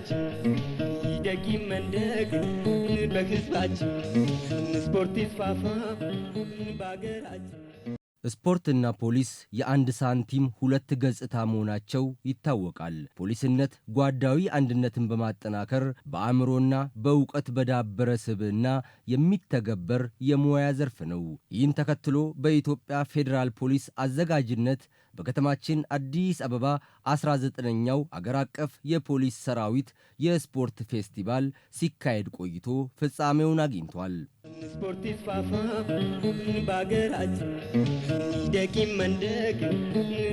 ሀገራችን ይደግ ይመንደግ በህዝባችን ስፖርት ይስፋፋ በሀገራችን። ስፖርትና ፖሊስ የአንድ ሳንቲም ሁለት ገጽታ መሆናቸው ይታወቃል። ፖሊስነት ጓዳዊ አንድነትን በማጠናከር በአእምሮና በእውቀት በዳበረ ስብዕና የሚተገበር የሙያ ዘርፍ ነው። ይህን ተከትሎ በኢትዮጵያ ፌዴራል ፖሊስ አዘጋጅነት በከተማችን አዲስ አበባ 19ኛው አገር አቀፍ የፖሊስ ሰራዊት የስፖርት ፌስቲቫል ሲካሄድ ቆይቶ ፍጻሜውን አግኝቷል። ስፖርት ይስፋፋ በአገራችን ደቂም መንደግ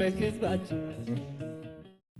በህዝባችን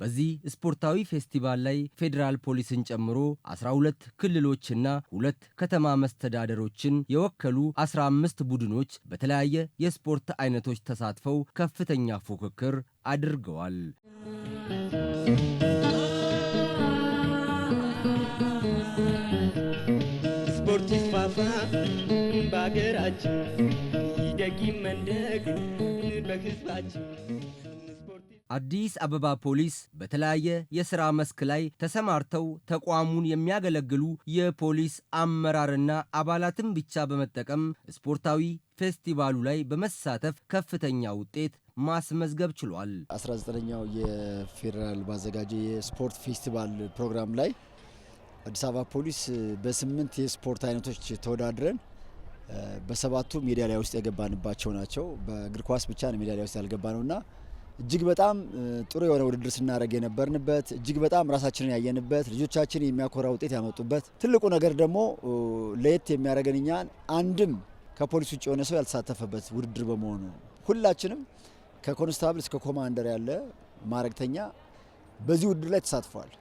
በዚህ ስፖርታዊ ፌስቲቫል ላይ ፌዴራል ፖሊስን ጨምሮ 12 ክልሎችና ሁለት ከተማ መስተዳደሮችን የወከሉ 15 ቡድኖች በተለያየ የስፖርት አይነቶች ተሳትፈው ከፍተኛ ፉክክር አድርገዋል። ስፖርት ይስፋፋ በሀገራችን ይደጊም መንደግ በህዝባችን አዲስ አበባ ፖሊስ በተለያየ የሥራ መስክ ላይ ተሰማርተው ተቋሙን የሚያገለግሉ የፖሊስ አመራርና አባላትን ብቻ በመጠቀም ስፖርታዊ ፌስቲቫሉ ላይ በመሳተፍ ከፍተኛ ውጤት ማስመዝገብ ችሏል። 19ኛው የፌዴራል ባዘጋጀ የስፖርት ፌስቲቫል ፕሮግራም ላይ አዲስ አበባ ፖሊስ በስምንት የስፖርት አይነቶች ተወዳድረን በሰባቱ ሜዳሊያ ውስጥ የገባንባቸው ናቸው። በእግር ኳስ ብቻ ነው ሜዳሊያ ውስጥ ያልገባ ነውና እጅግ በጣም ጥሩ የሆነ ውድድር ስናደርግ የነበርንበት እጅግ በጣም ራሳችንን ያየንበት ልጆቻችን የሚያኮራ ውጤት ያመጡበት ትልቁ ነገር ደግሞ ለየት የሚያደርገን እኛን አንድም ከፖሊስ ውጭ የሆነ ሰው ያልተሳተፈበት ውድድር በመሆኑ ሁላችንም ከኮንስታብል እስከ ኮማንደር ያለ ማረግተኛ በዚህ ውድድር ላይ ተሳትፏል።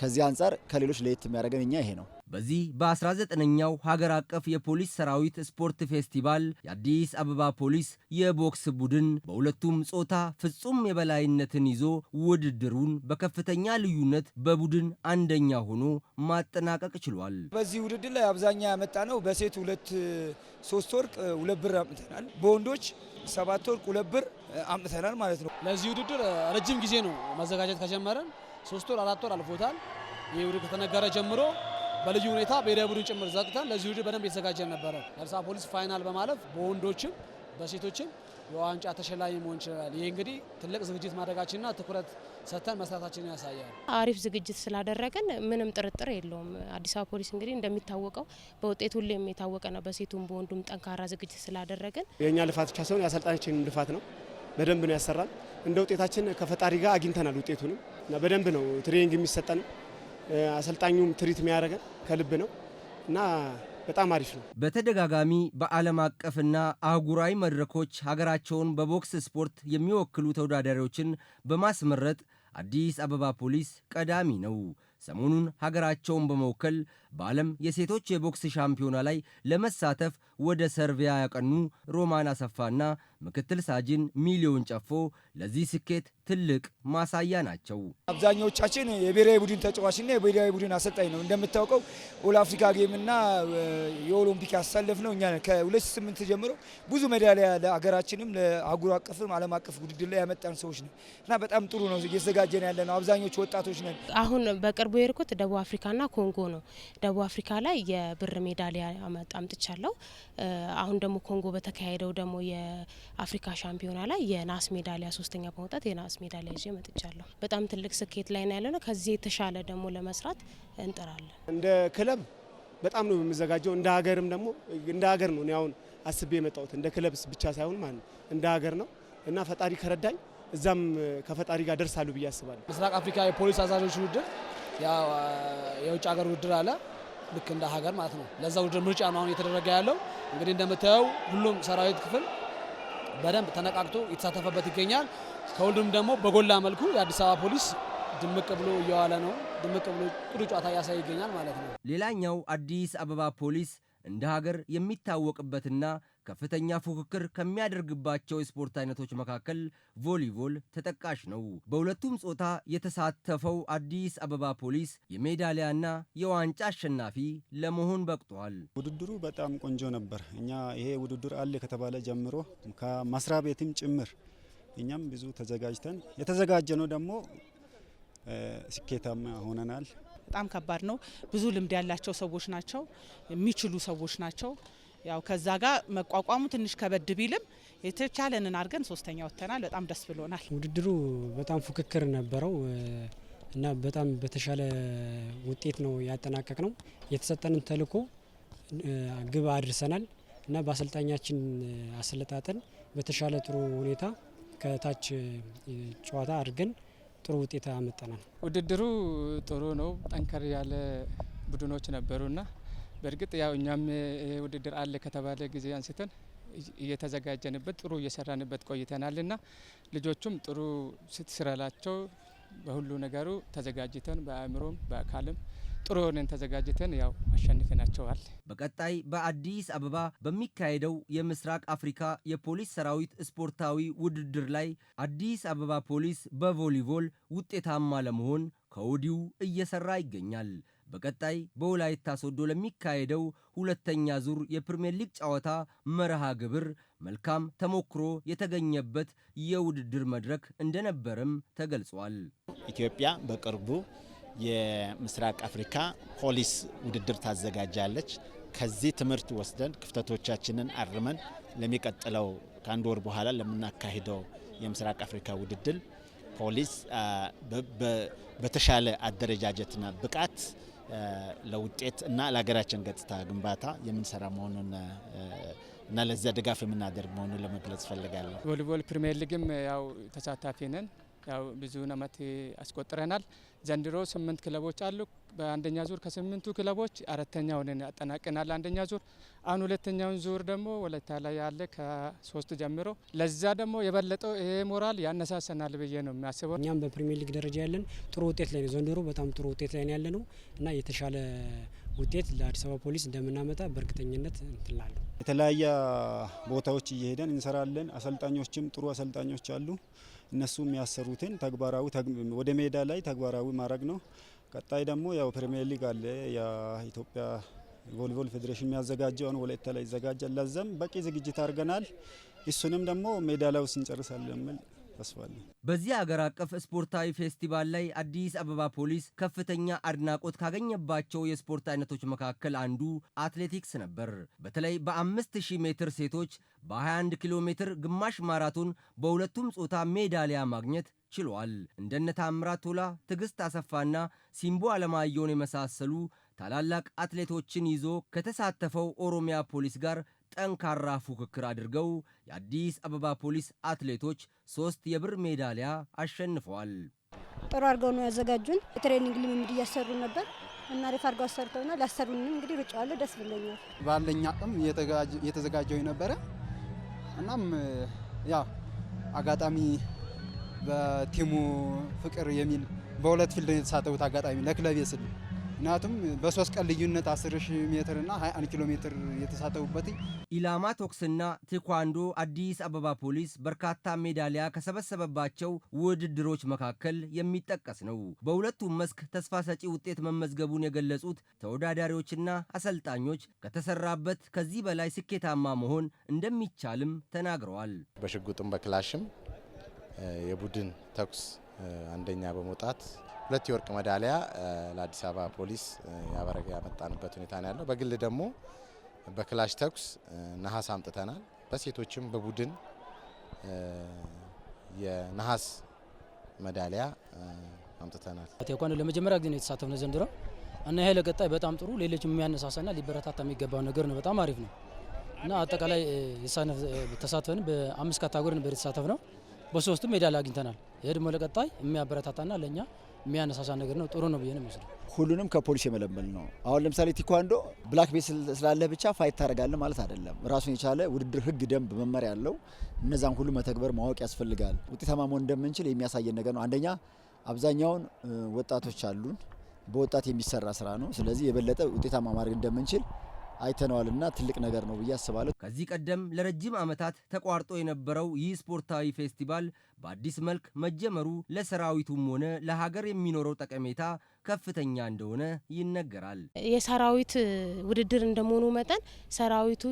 ከዚህ አንጻር ከሌሎች ለየት የሚያደርገን እኛ ይሄ ነው። በዚህ በ19ኛው ሀገር አቀፍ የፖሊስ ሰራዊት ስፖርት ፌስቲቫል የአዲስ አበባ ፖሊስ የቦክስ ቡድን በሁለቱም ጾታ ፍጹም የበላይነትን ይዞ ውድድሩን በከፍተኛ ልዩነት በቡድን አንደኛ ሆኖ ማጠናቀቅ ችሏል። በዚህ ውድድር ላይ አብዛኛ ያመጣ ነው። በሴት ሁለት ሶስት ወርቅ ሁለት ብር አምጥተናል። በወንዶች ሰባት ወርቅ ሁለት ብር አምጥተናል ማለት ነው። ለዚህ ውድድር ረጅም ጊዜ ነው መዘጋጀት ከጀመረን ሶስት ወር አራት ወር አልፎታል። ይህ ከተነገረ ጀምሮ በልዩ ሁኔታ ብሔራዊ ቡድን ጭምር ዘጥተን ለዚህ ውድድር በደንብ የተዘጋጀን ነበረ። የአዲስ ፖሊስ ፋይናል በማለፍ በወንዶችም በሴቶችም የዋንጫ ተሸላሚ መሆን ይችላል። ይህ እንግዲህ ትልቅ ዝግጅት ማድረጋችንና ትኩረት ሰጥተን መስራታችንን ያሳያል። አሪፍ ዝግጅት ስላደረግን ምንም ጥርጥር የለውም። አዲስ አበባ ፖሊስ እንግዲህ እንደሚታወቀው በውጤት ሁሌም የታወቀ ነው። በሴቱም በወንዱም ጠንካራ ዝግጅት ስላደረግን የእኛ ልፋት ብቻ ሳይሆን የአሰልጣኞችን ልፋት ነው። በደንብ ነው ያሰራል። እንደ ውጤታችን ከፈጣሪ ጋር አግኝተናል ውጤቱንም እና በደንብ ነው ትሬኒንግ የሚሰጠንም አሰልጣኙም ትሪት የሚያደርገን ከልብ ነው እና በጣም አሪፍ ነው። በተደጋጋሚ በዓለም አቀፍና አህጉራዊ መድረኮች ሀገራቸውን በቦክስ ስፖርት የሚወክሉ ተወዳዳሪዎችን በማስመረጥ አዲስ አበባ ፖሊስ ቀዳሚ ነው። ሰሞኑን ሀገራቸውን በመወከል በዓለም የሴቶች የቦክስ ሻምፒዮና ላይ ለመሳተፍ ወደ ሰርቪያ ያቀኑ ሮማን አሰፋና ምክትል ሳጅን ሚሊዮን ጨፎ ለዚህ ስኬት ትልቅ ማሳያ ናቸው። አብዛኛዎቻችን የብሔራዊ ቡድን ተጫዋችና የብሔራዊ ቡድን አሰልጣኝ ነው። እንደምታውቀው ኦል አፍሪካ ጌምና የኦሎምፒክ ያሳለፍ ነው እኛ ከ2008 ጀምሮ ብዙ ሜዳሊያ ለሀገራችንም ለአህጉር አቀፍም ዓለም አቀፍ ውድድር ላይ ያመጣን ሰዎች ነው እና በጣም ጥሩ ነው። እየተዘጋጀን ያለ ነው። አብዛኞቹ ወጣቶች ነን። አሁን በቅርቡ የሄድኩት ደቡብ አፍሪካና ኮንጎ ነው። ደቡብ አፍሪካ ላይ የብር ሜዳሊያ አምጥቻለሁ። አሁን ደግሞ ኮንጎ በተካሄደው ደግሞ የአፍሪካ ሻምፒዮና ላይ የናስ ሜዳሊያ ሶስተኛ በመውጣት የናስ ሜዳሊያ ይዤ መጥቻለሁ። በጣም ትልቅ ስኬት ላይ ነው ያለነው። ከዚህ የተሻለ ደግሞ ለመስራት እንጥራለን። እንደ ክለብ በጣም ነው የምዘጋጀው። እንደ ሀገርም ደግሞ እንደ ሀገር ነው አሁን አስቤ የመጣሁት እንደ ክለብስ ብቻ ሳይሆን ማለት ነው እንደ ሀገር ነው እና ፈጣሪ ከረዳኝ እዛም ከፈጣሪ ጋር ደርሳሉ ብዬ አስባለሁ። ምስራቅ አፍሪካ የፖሊስ አዛዦች ውድድር የውጭ ሀገር ውድድር አለ ልክ እንደ ሀገር ማለት ነው። ለዛ ውድድር ምርጫ ነው አሁን እየተደረገ ያለው። እንግዲህ እንደምታየው ሁሉም ሰራዊት ክፍል በደንብ ተነቃቅቶ የተሳተፈበት ይገኛል። ከሁሉም ደግሞ በጎላ መልኩ የአዲስ አበባ ፖሊስ ድምቅ ብሎ እየዋለ ነው። ድምቅ ብሎ ጥሩ ጨዋታ እያሳየ ይገኛል ማለት ነው። ሌላኛው አዲስ አበባ ፖሊስ እንደ ሀገር የሚታወቅበትና ከፍተኛ ፉክክር ከሚያደርግባቸው የስፖርት አይነቶች መካከል ቮሊቮል ተጠቃሽ ነው። በሁለቱም ጾታ የተሳተፈው አዲስ አበባ ፖሊስ የሜዳሊያና የዋንጫ አሸናፊ ለመሆን በቅቷል። ውድድሩ በጣም ቆንጆ ነበር። እኛ ይሄ ውድድር አለ ከተባለ ጀምሮ ከመስሪያ ቤትም ጭምር እኛም ብዙ ተዘጋጅተን የተዘጋጀ ነው ደግሞ ስኬታማ ሆነናል። በጣም ከባድ ነው። ብዙ ልምድ ያላቸው ሰዎች ናቸው። የሚችሉ ሰዎች ናቸው። ያው ከዛ ጋር መቋቋሙ ትንሽ ከበድ ቢልም የተቻለንን አድርገን ሶስተኛ ወጥተናል። በጣም ደስ ብሎናል። ውድድሩ በጣም ፉክክር ነበረው እና በጣም በተሻለ ውጤት ነው ያጠናቀቅ ነው። የተሰጠንን ተልዕኮ ግብ አድርሰናል እና በአሰልጣኛችን አሰለጣጠን በተሻለ ጥሩ ሁኔታ ከታች ጨዋታ አድርገን ጥሩ ውጤት አመጠናል። ውድድሩ ጥሩ ነው። ጠንከር ያለ ቡድኖች ነበሩና በእርግጥ ያው እኛም ውድድር አለ ከተባለ ጊዜ አንስተን እየተዘጋጀንበት ጥሩ እየሰራንበት ና ልጆቹም ጥሩ ስትስረላቸው በሁሉ ነገሩ ተዘጋጅተን በአእምሮም በአካልም ጥሩ ሆነን ተዘጋጅተን ያው አሸንፈናቸዋል። በቀጣይ በአዲስ አበባ በሚካሄደው የምስራቅ አፍሪካ የፖሊስ ሰራዊት ስፖርታዊ ውድድር ላይ አዲስ አበባ ፖሊስ በቮሊቦል ውጤታማ ለመሆን ከወዲሁ እየሰራ ይገኛል። በቀጣይ በወላይታ ሶዶ ለሚካሄደው ሁለተኛ ዙር የፕሪምየር ሊግ ጨዋታ መርሃ ግብር መልካም ተሞክሮ የተገኘበት የውድድር መድረክ እንደነበረም ተገልጿል። ኢትዮጵያ በቅርቡ የምስራቅ አፍሪካ ፖሊስ ውድድር ታዘጋጃለች። ከዚህ ትምህርት ወስደን ክፍተቶቻችንን አርመን ለሚቀጥለው ከአንድ ወር በኋላ ለምናካሂደው የምስራቅ አፍሪካ ውድድር ፖሊስ በተሻለ አደረጃጀትና ብቃት ለውጤት እና ለሀገራችን ገጽታ ግንባታ የምንሰራ መሆኑን እና ለዚያ ድጋፍ የምናደርግ መሆኑን ለመግለጽ ፈልጋለሁ። ቮሊቦል ፕሪሚየር ሊግም ያው ተሳታፊ ነን። ያው ብዙ አመት አስቆጥረናል። ዘንድሮ ስምንት ክለቦች አሉ። በአንደኛ ዙር ከስምንቱ ክለቦች አራተኛ ሆነን ያጠናቀናል አንደኛ ዙር። አሁን ሁለተኛውን ዙር ደግሞ ወለታ ላይ ያለ ከሶስት ጀምሮ ለዛ ደግሞ የበለጠው ይሄ ሞራል ያነሳሰናል ብዬ ነው የሚያስበው። እኛም በፕሪሚየር ሊግ ደረጃ ያለን ጥሩ ውጤት ላይ ነው ዘንድሮ በጣም ጥሩ ውጤት ላይ ያለ ነው እና የተሻለ ውጤት ለአዲስ አበባ ፖሊስ እንደምናመጣ በእርግጠኝነት እንትላለን። የተለያየ ቦታዎች እየሄደን እንሰራለን። አሰልጣኞችም ጥሩ አሰልጣኞች አሉ። እነሱ የሚያሰሩትን ተግባራዊ ወደ ሜዳ ላይ ተግባራዊ ማድረግ ነው። ቀጣይ ደግሞ ያው ፕሪሚየር ሊግ አለ የኢትዮጵያ ቮሊቦል ፌዴሬሽን የሚያዘጋጀውን ወላይታ ላይ ይዘጋጃል። ለዛም በቂ ዝግጅት አድርገናል። እሱንም ደግሞ ሜዳ ላይ ውስጥ እንጨርሳለን የሚል ተስፋ በዚህ አገር አቀፍ ስፖርታዊ ፌስቲቫል ላይ አዲስ አበባ ፖሊስ ከፍተኛ አድናቆት ካገኘባቸው የስፖርት አይነቶች መካከል አንዱ አትሌቲክስ ነበር። በተለይ በ5000 ሜትር ሴቶች፣ በ21 ኪሎ ሜትር ግማሽ ማራቶን በሁለቱም ጾታ ሜዳሊያ ማግኘት ችሏል። እንደነ ታምራት ቶላ፣ ትዕግስት አሰፋና ሲምቦ አለማየሁን የመሳሰሉ ታላላቅ አትሌቶችን ይዞ ከተሳተፈው ኦሮሚያ ፖሊስ ጋር ጠንካራ ፉክክር አድርገው የአዲስ አበባ ፖሊስ አትሌቶች ሶስት የብር ሜዳሊያ አሸንፈዋል። ጥሩ አድርገው ነው ያዘጋጁን። የትሬኒንግ ልምምድ እያሰሩ ነበር እና አሪፍ አድርገው አሰርተውና ላሰሩንም እንግዲህ ሩጫዋለሁ ደስ ብለኛል። ባለኝ አቅም እየተዘጋጀው የነበረ እናም ያ አጋጣሚ በቲሙ ፍቅር የሚል በሁለት ፊልድ የተሳተፉት አጋጣሚ ለክለብ ስል ምክንያቱም በሶስት ቀን ልዩነት 10 ሺህ ሜትር 21 ኪሎ ሜትር የተሳተፉበት ኢላማ ቶክስና ቴኳንዶ አዲስ አበባ ፖሊስ በርካታ ሜዳሊያ ከሰበሰበባቸው ውድድሮች መካከል የሚጠቀስ ነው። በሁለቱም መስክ ተስፋ ሰጪ ውጤት መመዝገቡን የገለጹት ተወዳዳሪዎችና አሰልጣኞች ከተሰራበት ከዚህ በላይ ስኬታማ መሆን እንደሚቻልም ተናግረዋል። በሽጉጥም በክላሽም የቡድን ተኩስ አንደኛ በመውጣት ሁለት የወርቅ መዳሊያ ለአዲስ አበባ ፖሊስ ያበረገ ያመጣንበት ሁኔታ ነው ያለው። በግል ደግሞ በክላሽ ተኩስ ነሐስ አምጥተናል። በሴቶችም በቡድን የነሐስ መዳሊያ አምጥተናል። ቴኳንዶ ለመጀመሪያ ጊዜ ነው የተሳተፍነው ዘንድሮ እና ይሄ ለቀጣይ በጣም ጥሩ ሌሎች የሚያነሳሳና ሊበረታታ የሚገባው ነገር ነው። በጣም አሪፍ ነው እና አጠቃላይ ተሳትፈን በአምስት ካታጎሪ ነበር የተሳተፍ ነው። በሶስቱም ሜዳሊያ አግኝተናል። ይሄ ደግሞ ለቀጣይ የሚያበረታታና ለእኛ የሚያነሳሳ ነገር ነው። ጥሩ ነው ብዬ ነው የሚወስደው። ሁሉንም ከፖሊስ የመለመል ነው። አሁን ለምሳሌ ቲኳንዶ ብላክ ቤልት ስላለህ ብቻ ፋይት ታደርጋለህ ማለት አይደለም። ራሱን የቻለ ውድድር ህግ ደንብ፣ መመሪያ ያለው እነዛን ሁሉ መተግበር ማወቅ ያስፈልጋል። ውጤታማ መሆን እንደምንችል የሚያሳየን ነገር ነው። አንደኛ አብዛኛውን ወጣቶች አሉን። በወጣት የሚሰራ ስራ ነው። ስለዚህ የበለጠ ውጤታማ ማድረግ እንደምንችል አይተነዋልና ትልቅ ነገር ነው ብዬ አስባለሁ። ከዚህ ቀደም ለረጅም ዓመታት ተቋርጦ የነበረው ይህ ስፖርታዊ ፌስቲቫል በአዲስ መልክ መጀመሩ ለሰራዊቱም ሆነ ለሀገር የሚኖረው ጠቀሜታ ከፍተኛ እንደሆነ ይነገራል። የሰራዊት ውድድር እንደመሆኑ መጠን ሰራዊቱ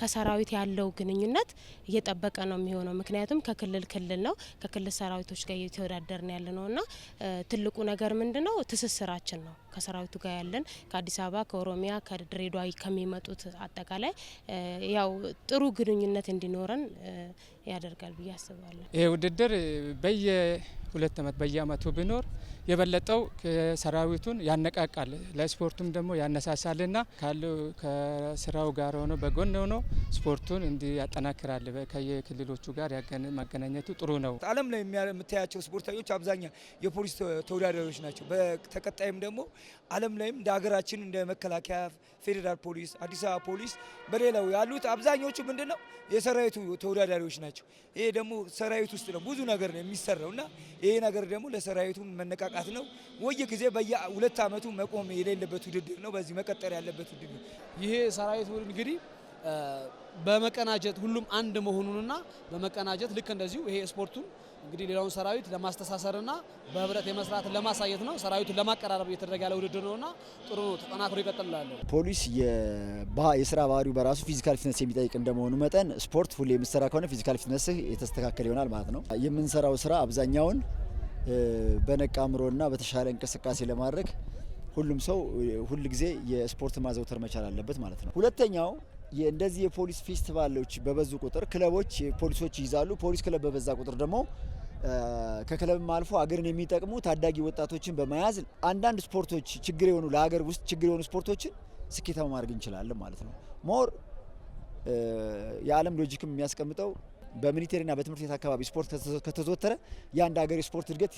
ከሰራዊት ያለው ግንኙነት እየጠበቀ ነው የሚሆነው። ምክንያቱም ከክልል ክልል ነው ከክልል ሰራዊቶች ጋር እየተወዳደርን ያለ ነው እና ትልቁ ነገር ምንድ ነው? ትስስራችን ነው ከሰራዊቱ ጋር ያለን ከአዲስ አበባ፣ ከኦሮሚያ፣ ከድሬዳዋ ከሚመጡት አጠቃላይ ያው ጥሩ ግንኙነት እንዲኖረን ያደርጋል ብዬ አስባለሁ። ይሄ ውድድር በየ ሁለት አመት በየዓመቱ ቢኖር የበለጠው ሰራዊቱን ያነቃቃል፣ ለስፖርቱም ደግሞ ያነሳሳልና ካለው ከስራው ጋር ሆኖ በጎን ሆኖ ስፖርቱን ያጠናክራል። ከየክልሎቹ ጋር ማገናኘቱ ጥሩ ነው። ዓለም ላይ የምታያቸው ስፖርተኞች አብዛኛ የፖሊስ ተወዳዳሪዎች ናቸው። በተቀጣይም ደግሞ ዓለም ላይም እንደ ሀገራችን እንደ መከላከያ፣ ፌዴራል ፖሊስ፣ አዲስ አበባ ፖሊስ በሌላው ያሉት አብዛኞቹ ምንድን ነው የሰራዊቱ ተወዳዳሪዎች ናቸው። ይሄ ደግሞ ሰራዊት ውስጥ ነው ብዙ ነገር ነው የሚሰራው እና ይሄ ነገር ደግሞ ለሰራዊቱ መነቃቃት ነው። ወየ ጊዜ በየሁለት ዓመቱ መቆም የሌለበት ውድድር ነው። በዚህ መቀጠል ያለበት ውድድር ይሄ ሰራዊቱ እንግዲህ በመቀናጀት ሁሉም አንድ መሆኑንና በመቀናጀት ልክ እንደዚሁ ይሄ ስፖርቱን እንግዲህ ሌላውን ሰራዊት ለማስተሳሰርና በህብረት የመስራትን ለማሳየት ነው፣ ሰራዊቱን ለማቀራረብ እየተደረገ ያለ ውድድር ነውና ጥሩ ነው፣ ተጠናክሮ ይቀጥላል። ፖሊስ የስራ ባህሪው በራሱ ፊዚካል ፊትነስ የሚጠይቅ እንደመሆኑ መጠን ስፖርት ሁሌ የምትሰራ ከሆነ ፊዚካል ፊትነስ የተስተካከለ ይሆናል ማለት ነው። የምንሰራው ስራ አብዛኛውን በነቃ አእምሮና በተሻለ እንቅስቃሴ ለማድረግ ሁሉም ሰው ሁል ጊዜ የስፖርት ማዘውተር መቻል አለበት ማለት ነው። ሁለተኛው እንደዚህ የፖሊስ ፌስቲቫሎች በበዙ ቁጥር ክለቦች ፖሊሶች ይይዛሉ። ፖሊስ ክለብ በበዛ ቁጥር ደግሞ ከክለብም አልፎ አገርን የሚጠቅሙ ታዳጊ ወጣቶችን በመያዝ አንዳንድ ስፖርቶች ችግር የሆኑ ለሀገር ውስጥ ችግር የሆኑ ስፖርቶችን ስኬታማ ማድረግ እንችላለን ማለት ነው። ሞር የዓለም ሎጂክም የሚያስቀምጠው በሚሊቴሪና በትምህርት ቤት አካባቢ ስፖርት ከተዘወተረ የአንድ ሀገር የስፖርት እድገት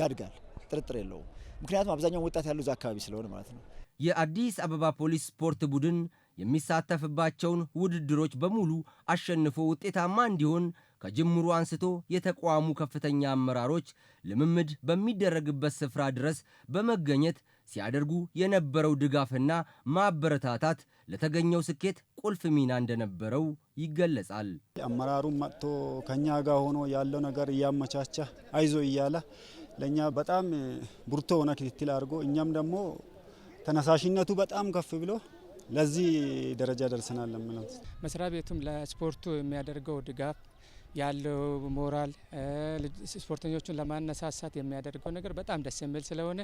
ያድጋል፣ ጥርጥር የለውም። ምክንያቱም አብዛኛውን ወጣት ያለው እዛ አካባቢ ስለሆነ ማለት ነው። የአዲስ አበባ ፖሊስ ስፖርት ቡድን የሚሳተፍባቸውን ውድድሮች በሙሉ አሸንፎ ውጤታማ እንዲሆን ከጅምሩ አንስቶ የተቋሙ ከፍተኛ አመራሮች ልምምድ በሚደረግበት ስፍራ ድረስ በመገኘት ሲያደርጉ የነበረው ድጋፍና ማበረታታት ለተገኘው ስኬት ቁልፍ ሚና እንደነበረው ይገለጻል። አመራሩም መጥቶ ከኛ ጋር ሆኖ ያለው ነገር እያመቻቸ አይዞ እያለ ለእኛ በጣም ብርቶ ሆነ ክትትል አድርጎ እኛም ደግሞ ተነሳሽነቱ በጣም ከፍ ብሎ ለዚህ ደረጃ ደርሰናል። ለምነው መስሪያ ቤቱም ለስፖርቱ የሚያደርገው ድጋፍ ያለው ሞራል ስፖርተኞቹን ለማነሳሳት የሚያደርገው ነገር በጣም ደስ የሚል ስለሆነ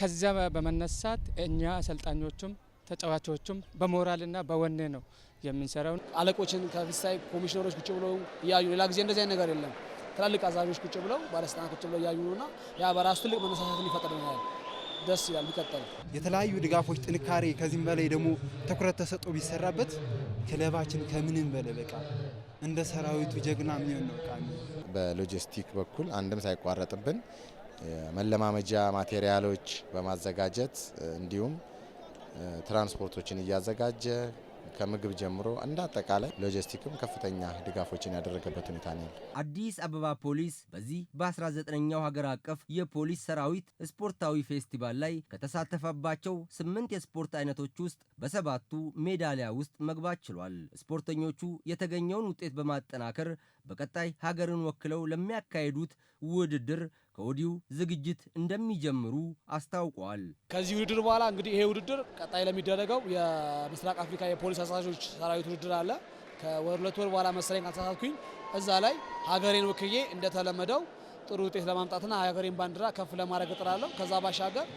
ከዚያ በመነሳት እኛ አሰልጣኞቹም ተጫዋቾቹም በሞራልና በወኔ ነው የምንሰራው። አለቆችን ከፍሳይ ኮሚሽነሮች ቁጭ ብለው እያዩ ሌላ ጊዜ እንደዚህ አይነት ነገር የለም። ትላልቅ አዛዦች ቁጭ ብለው ባለስልጣናት ቁጭ ብለው እያዩ ነውና ያ በራሱ ትልቅ መነሳሳትን ይፈጥርልናል። ደስ ይላል ቢቀጥል። የተለያዩ ድጋፎች ጥንካሬ፣ ከዚህም በላይ ደግሞ ትኩረት ተሰጥቶ ቢሰራበት ክለባችን ከምንም በላይ በቃ እንደ ሰራዊቱ ጀግና የሚሆን ነው። በሎጂስቲክ በኩል አንድም ሳይቋረጥብን መለማመጃ ማቴሪያሎች በማዘጋጀት እንዲሁም ትራንስፖርቶችን እያዘጋጀ ከምግብ ጀምሮ እንደ አጠቃላይ ሎጂስቲክም ከፍተኛ ድጋፎችን ያደረገበት ሁኔታ ነው። አዲስ አበባ ፖሊስ በዚህ በ19ኛው ሀገር አቀፍ የፖሊስ ሰራዊት ስፖርታዊ ፌስቲቫል ላይ ከተሳተፈባቸው ስምንት የስፖርት አይነቶች ውስጥ በሰባቱ ሜዳሊያ ውስጥ መግባት ችሏል። ስፖርተኞቹ የተገኘውን ውጤት በማጠናከር በቀጣይ ሀገርን ወክለው ለሚያካሂዱት ውድድር ከወዲሁ ዝግጅት እንደሚጀምሩ አስታውቋል። ከዚህ ውድድር በኋላ እንግዲህ ይሄ ውድድር ቀጣይ ለሚደረገው የምስራቅ አፍሪካ የፖሊስ አዛዦች ሰራዊት ውድድር አለ። ከሁለት ወር በኋላ መሰለኝ ካልተሳሳትኩኝ እዛ ላይ ሀገሬን ወክዬ እንደተለመደው ጥሩ ውጤት ለማምጣትና ሀገሬን ባንዲራ ከፍ ለማድረግ እጥራለሁ። ከዛ ባሻገር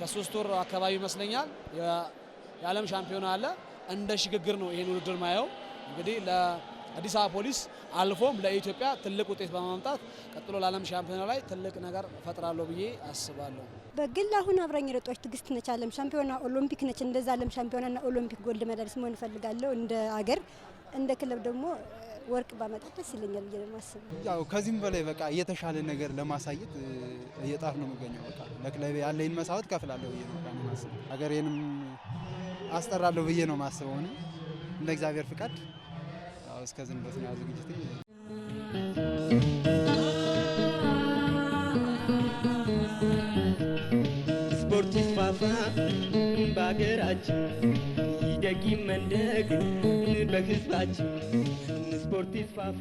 ከሶስት ወር አካባቢ ይመስለኛል የዓለም ሻምፒዮና አለ። እንደ ሽግግር ነው ይህን ውድድር ማየው እንግዲህ አዲስ አበባ ፖሊስ አልፎም ለኢትዮጵያ ትልቅ ውጤት በማምጣት ቀጥሎ ለዓለም ሻምፒዮና ላይ ትልቅ ነገር እፈጥራለሁ ብዬ አስባለሁ። በግል አሁን አብረኝ ሮጣች ትግስት ነች። ዓለም ሻምፒዮና ኦሎምፒክ ነች። እንደዛ ዓለም ሻምፒዮናና ኦሎምፒክ ጎልድ ሜዳሊስት መሆን እፈልጋለሁ። እንደ አገር እንደ ክለብ ደግሞ ወርቅ ባመጣ ደስ ይለኛል ብዬ ነው የማስበው። ያው ከዚህም በላይ በቃ የተሻለ ነገር ለማሳየት እየጣር ነው የሚገኘው። በቃ ለክለቤ ያለኝን መስዋዕት ከፍላለሁ ብዬ ነው ማስበው። ሀገሬንም አስጠራለሁ ብዬ ነው ማስበው። እንደ እግዚአብሔር ፍቃድ እስከ ዝንበት ነው ዝግጅት። ስፖርት ይስፋፋ በሀገራችን፣ ይደግ ይመንደግ በህዝባችን፣ ስፖርት ይስፋፋ